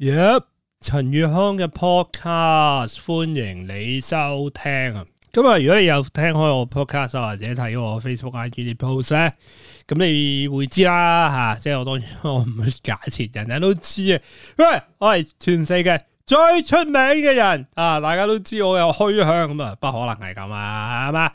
Yep，陳宇康嘅 podcast，歡迎你收聽啊！咁啊，如果你有聽開我 podcast 或者睇我 Facebook、IG 啲 post 咧，咁你會知啦吓、啊。即係我當然，我唔會假設人人都知啊。喂，我係全世界最出名嘅人啊！大家都知我有虛向咁啊，不可能係咁啊，係嘛？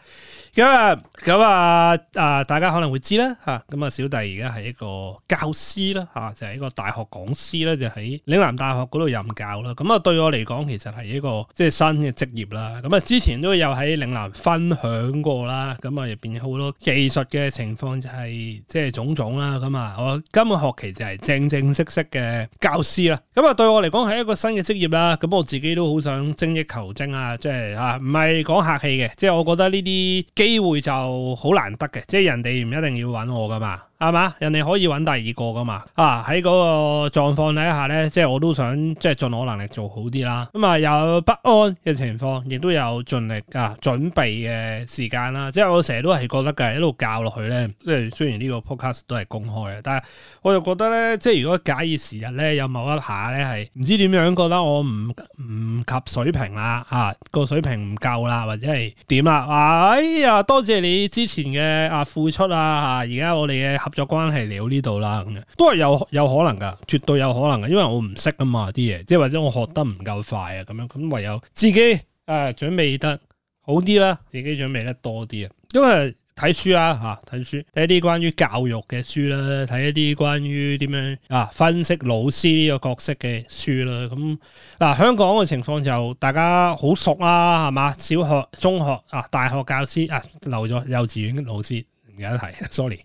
咁啊，咁啊、嗯，啊、嗯，大家可能會知啦，嚇、啊，咁、嗯、啊，小弟而家係一個教師啦，嚇、啊，就係、是、一個大學講師啦，就喺、是、嶺南大學嗰度任教啦。咁啊、嗯，對我嚟講，其實係一個即係、就是、新嘅職業啦。咁啊、嗯，之前都有喺嶺南分享過啦。咁啊，入邊好多技術嘅情況就係即係種種啦。咁啊，我今個學期就係正正式式嘅教師啦。咁啊、嗯，對我嚟講係一個新嘅職業啦。咁、啊嗯、我自己都好想精益求精啊，即、就、係、是、啊，唔係講客氣嘅，即、就、係、是、我覺得呢啲。.機會就好難得嘅，即係人哋唔一定要搵我噶嘛。係嘛？人哋可以揾第二個噶嘛？啊！喺嗰個狀況底下咧，即係我都想即係盡我能力做好啲啦。咁啊，有不安嘅情況，亦都有盡力啊準備嘅時間啦。即係我成日都係覺得嘅，一路教落去咧。即係雖然呢個 podcast 都係公開嘅，但係我就覺得咧，即係如果假以時日咧，有某一下咧係唔知點樣覺得我唔唔及水平啦，嚇、啊、個水平唔夠啦，或者係點啦？啊！哎呀，多謝你之前嘅啊付出啊！嚇、啊，而家我哋嘅合咗關係嚟到呢度啦，咁樣都係有有可能噶，絕對有可能噶，因為我唔識啊嘛啲嘢，即係或者我學得唔夠快啊，咁樣咁唯有自己誒、呃、準備得好啲啦，自己準備得多啲啊，因為睇書啦吓，睇書睇一啲關於教育嘅書啦，睇一啲關於點樣啊分析老師呢個角色嘅書啦，咁、啊、嗱香港嘅情況就大家好熟啦、啊，係嘛小學、中學啊、大學教師啊，留咗幼稚園嘅老師。有得提，sorry，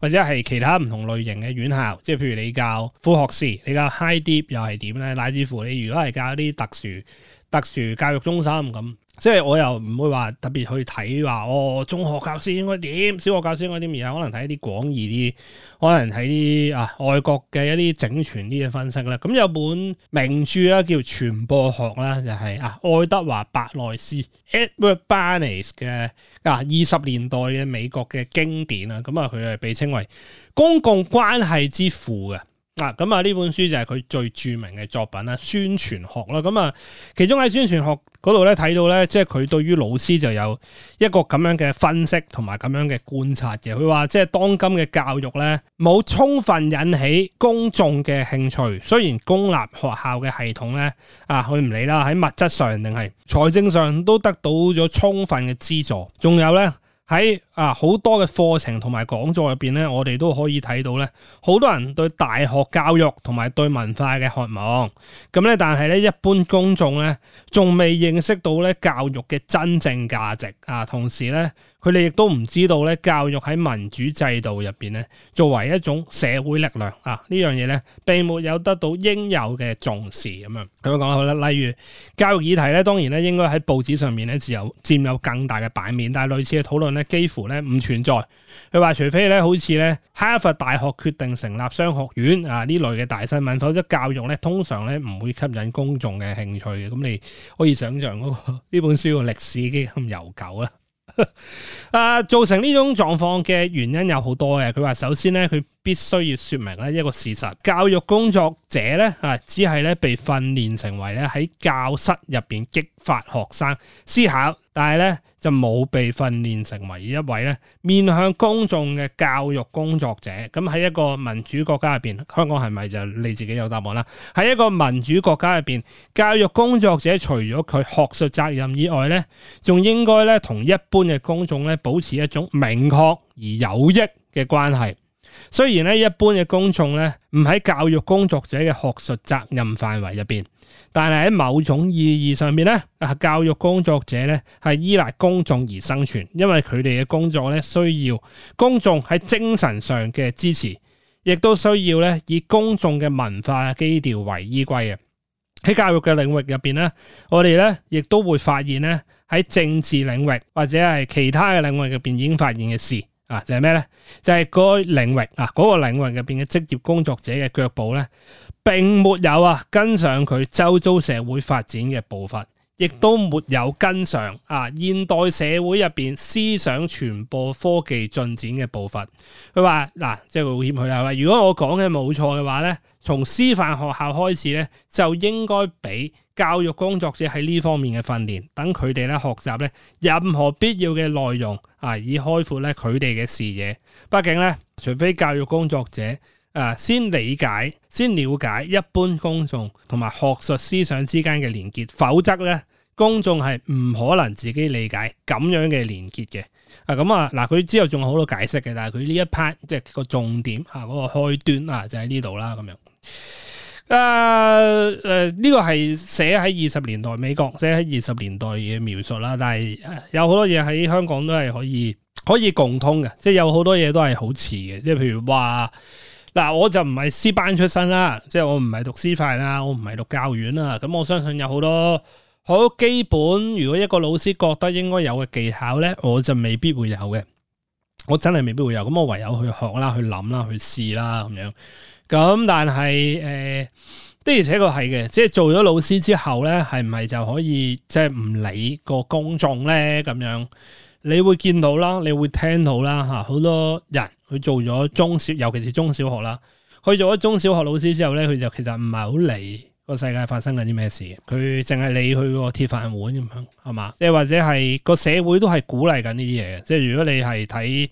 或者係其他唔同類型嘅院校，即係譬如你教副學士，你教 high dip 又係點咧？乃至乎你如果係教一啲特殊特殊教育中心咁。即係我又唔會話特別去睇話哦，中學教師應該點，小學教師應該點。而家可能睇一啲廣義啲，可能睇啲啊外國嘅一啲整全啲嘅分析啦。咁、嗯、有本名著啦，叫傳播學啦，就係、是、啊愛德華伯內斯 Edward Bernays 嘅啊二十年代嘅美國嘅經典啦。咁啊，佢係被稱為公共關係之父嘅。嗱，咁啊，呢本書就係佢最著名嘅作品啦，宣傳學啦，咁啊，其中喺宣傳學嗰度咧睇到咧，即係佢對於老師就有一個咁樣嘅分析同埋咁樣嘅觀察嘅。佢話即係當今嘅教育咧，冇充分引起公眾嘅興趣，雖然公立學校嘅系統咧，啊，佢唔理啦，喺物質上定係財政上都得到咗充分嘅資助，仲有咧。喺啊好多嘅課程同埋講座入邊呢，我哋都可以睇到呢，好多人對大學教育同埋對文化嘅渴望，咁呢，但係呢一般公眾呢仲未認識到呢教育嘅真正價值啊，同時呢。佢哋亦都唔知道咧，教育喺民主制度入邊咧，作為一種社會力量啊，呢樣嘢咧，並沒有得到應有嘅重視咁樣。點樣講好啦。例如教育議題咧，當然咧，應該喺報紙上面咧，自有佔有更大嘅版面。但係類似嘅討論咧，幾乎咧唔存在。佢話除非咧，好似咧哈佛大學決定成立商學院啊，呢類嘅大新聞，否則教育咧通常咧唔會吸引公眾嘅興趣嘅。咁你可以想象嗰個呢本書嘅歷史已經咁悠久啦。啊、 呃！造成呢種狀況嘅原因有好多嘅，佢話首先咧，佢。必須要説明咧一個事實，教育工作者咧啊，只係咧被訓練成為咧喺教室入邊激發學生思考，但係咧就冇被訓練成為一位咧面向公眾嘅教育工作者。咁喺一個民主國家入邊，香港係咪就你自己有答案啦？喺一個民主國家入邊，教育工作者除咗佢學術責任以外咧，仲應該咧同一般嘅公眾咧保持一種明確而有益嘅關係。雖然咧，一般嘅公眾咧唔喺教育工作者嘅學術責任範圍入邊，但係喺某種意義上面咧，教育工作者咧係依賴公眾而生存，因為佢哋嘅工作咧需要公眾喺精神上嘅支持，亦都需要咧以公眾嘅文化基調為依歸嘅。喺教育嘅領域入邊咧，我哋咧亦都會發現咧喺政治領域或者係其他嘅領域入邊已經發現嘅事。啊，就係咩咧？就係、是、嗰個領域啊，嗰、嗰個領域入邊嘅職業工作者嘅腳步咧，並沒有啊跟上佢周遭社會發展嘅步伐。亦都沒有跟上啊！現代社會入邊思想傳播、科技進展嘅步伐。佢話：嗱、啊，即係保險佢係話，如果我講嘅冇錯嘅話咧，從師範學校開始咧，就應該俾教育工作者喺呢方面嘅訓練，等佢哋咧學習咧任何必要嘅內容啊，以開闊咧佢哋嘅視野。畢竟咧，除非教育工作者啊先理解、先了解一般公眾同埋學術思想之間嘅連結，否則咧。公眾係唔可能自己理解咁樣嘅連結嘅啊！咁啊嗱，佢之後仲有好多解釋嘅，但係佢呢一 part 即係個重點吓，嗰個開端啊就喺呢度啦，咁樣。誒誒，呢個係寫喺二十年代美國，寫喺二十年代嘅描述啦。但係、啊、有好多嘢喺香港都係可以可以共通嘅，即係有好多嘢都係好似嘅。即係譬如話嗱、啊，我就唔係師班出身啦，即係我唔係讀師範啦，我唔係讀教院啦。咁我相信有好多。我基本如果一個老師覺得應該有嘅技巧咧，我就未必會有嘅。我真係未必會有，咁我唯有去學啦、去諗啦、去試啦咁樣。咁但係誒、呃、的而且確係嘅，即係做咗老師之後咧，係唔係就可以即係唔理個公眾咧？咁樣，你會見到啦，你會聽到啦吓，好多人去做咗中小，尤其是中小學啦，去做咗中小學老師之後咧，佢就其實唔係好理，個世界發生緊啲咩事？佢淨係理佢個鐵飯碗咁樣，係嘛？即係或者係個社會都係鼓勵緊呢啲嘢。即係如果你係睇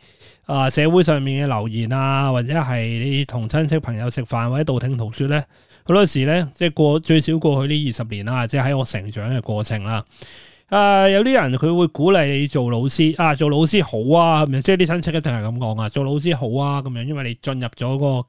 啊社會上面嘅留言啊，或者係你同親戚朋友食飯或者道聽途說咧，好多時咧即係過最少過去呢二十年啦，即係喺我成長嘅過程啦。啊、呃，有啲人佢會鼓勵你做老師啊，做老師好啊，即係啲親戚一定係咁講啊，做老師好啊咁樣，因為你進入咗個。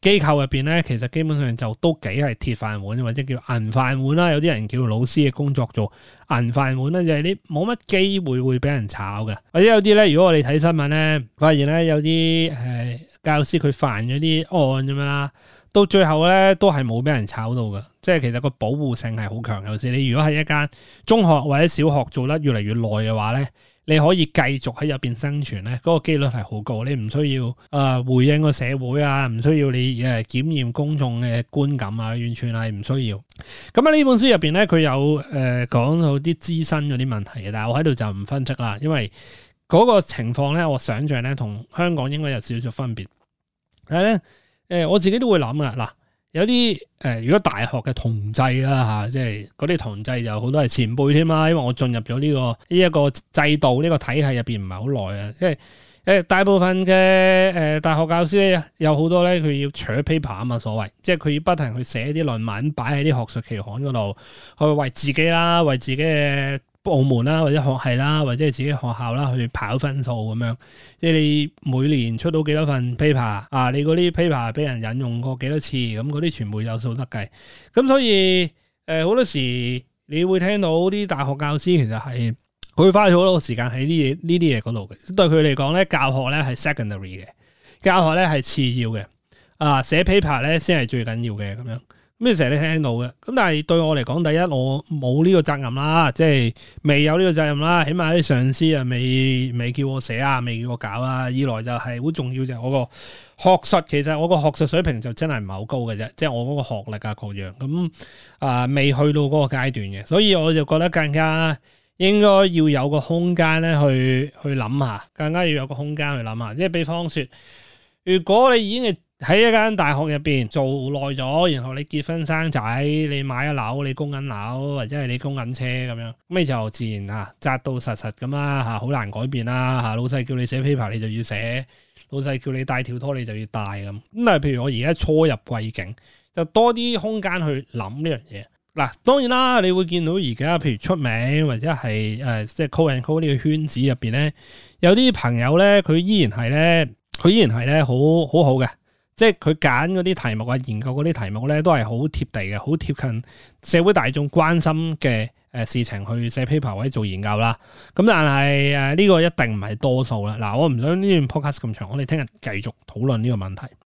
機構入邊咧，其實基本上就都幾係鐵飯碗，或者叫銀飯碗啦。有啲人叫老師嘅工作做銀飯碗啦，就係啲冇乜機會會俾人炒嘅。或者有啲咧，如果我哋睇新聞咧，發現咧有啲誒教師佢犯咗啲案咁樣啦，到最後咧都係冇俾人炒到嘅。即係其實個保護性係好強，有時你如果喺一間中學或者小學做得越嚟越耐嘅話咧。你可以繼續喺入邊生存咧，嗰、那個機率係好高，你唔需要啊、呃、回應個社會啊，唔需要你誒、呃、檢驗公眾嘅觀感啊，完全係唔需要。咁啊，呢本書入邊咧，佢有誒、呃、講到啲資深嗰啲問題嘅，但係我喺度就唔分析啦，因為嗰個情況咧，我想像咧同香港應該有少少分別。但係咧，誒、呃、我自己都會諗㗎嗱。有啲誒、呃，如果大學嘅同制啦嚇，即係嗰啲同制就好多係前輩添啦，因為我進入咗呢、呢個呢一、呢個制度呢、呢個體系入邊唔係好耐啊，因為誒大部分嘅誒、呃、大學教師有好多咧，佢要除咗 paper 啊嘛，所謂即係佢要不停去寫啲論文擺喺啲學術期刊嗰度，去為自己啦，為自己嘅部門啦，或者學系啦，或者自己學校啦，去跑分數咁樣。即係你每年出到幾多份 paper 啊？你嗰啲 paper 俾人引用過幾多次？咁嗰啲全部有數得計。咁所以，誒、呃、好多時你會聽到啲大學教師其實係佢花咗好多時間喺呢嘢呢啲嘢嗰度嘅。對佢嚟講咧，教學咧係 secondary 嘅，教學咧係次要嘅。啊，寫 paper 咧先係最緊要嘅咁樣。咩成日你聽到嘅。咁但係對我嚟講，第一我冇呢個責任啦，即係未有呢個責任啦，起碼啲上司啊，未未叫我寫啊，未叫我搞啊。二來就係好重要就係我個學術，其實我個學術水平就真係唔係好高嘅啫，即係我嗰個學歷、嗯、啊各樣，咁啊，未去到嗰個階段嘅，所以我就覺得更加應該要有個空間咧去去諗下，更加要有個空間去諗下。即係比方說，如果你已經係喺一間大學入邊做耐咗，然後你結婚生仔，你買咗樓，你供緊樓或者係你供緊車咁樣，咪就自然吓、啊、紮到實實咁啦吓，好、啊、難改變啦吓、啊。老細叫你寫 paper 你就要寫，老細叫你戴條拖你就要戴咁。咁啊，但譬如我而家初入貴境，就多啲空間去諗呢樣嘢。嗱、啊，當然啦，你會見到而家譬如出名或者係誒即係 call and call 呢個圈子入邊咧，有啲朋友咧佢依然係咧，佢依然係咧好好,好好好嘅。即係佢揀嗰啲題目啊，研究嗰啲題目咧，都係好貼地嘅，好貼近社會大眾關心嘅誒事情去寫 paper 或者做研究啦。咁但係誒呢個一定唔係多數啦。嗱，我唔想呢段 podcast 咁長，我哋聽日繼續討論呢個問題。